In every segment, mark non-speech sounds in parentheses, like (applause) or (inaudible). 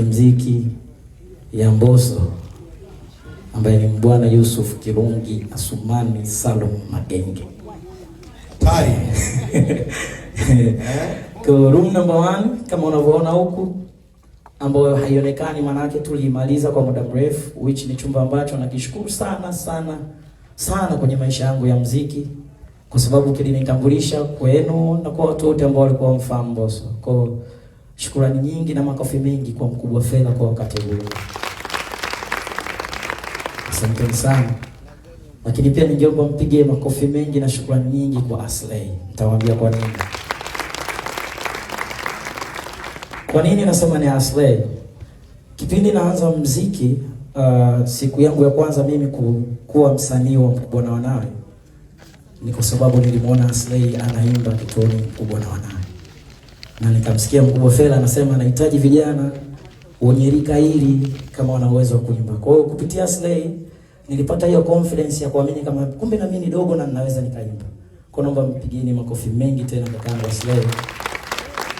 mziki ya mboso ambaye ni Mbwana Yusuf Kirungi Asumani Salum Magenge (laughs) kwa room number one, kama unavyoona huku, ambayo haionekani manake tulimaliza kwa muda mrefu, which ni chumba ambacho nakishukuru sana sana sana kwenye maisha yangu ya mziki, kwa sababu kilinitambulisha kwenu na kwa watu wote ambao walikuwa mfahamu Mbosso kwa Shukurani nyingi na makofi mengi kwa mkubwa fedha kwa wakati huu. Asanteni sana. Lakini pia ningeomba mpige makofi mengi na shukrani nyingi kwa Aslay. Nitawaambia kwa nini. Kwa nini nasema ni Aslay? Kipindi naanza mziki, uh, siku yangu ya kwanza mimi ku, kuwa msanii wa Mkubwa na Wanawe ni kwa sababu nilimwona Aslay anaimba kituoni Mkubwa na Wanawe na nikamsikia mkubwa Fela anasema anahitaji vijana wenye rika hili kama wana uwezo wa kuimba. Kwa hiyo kupitia Slay nilipata hiyo confidence ya kuamini kama kumbe na mimi ni dogo na ninaweza nikaimba. Kwa naomba mpigieni makofi mengi tena kwa kanda ya Slay.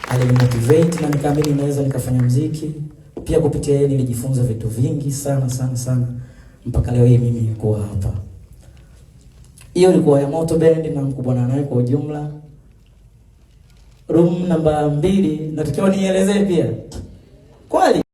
Alinimotivate na nikaamini naweza nikafanya muziki. Pia kupitia yeye nilijifunza vitu vingi sana sana sana mpaka leo hii mimi niko hapa. Hiyo ilikuwa ya Moto Band na mkubwa naye kwa ujumla room namba mbili, natakiwa nielezee pia kweli.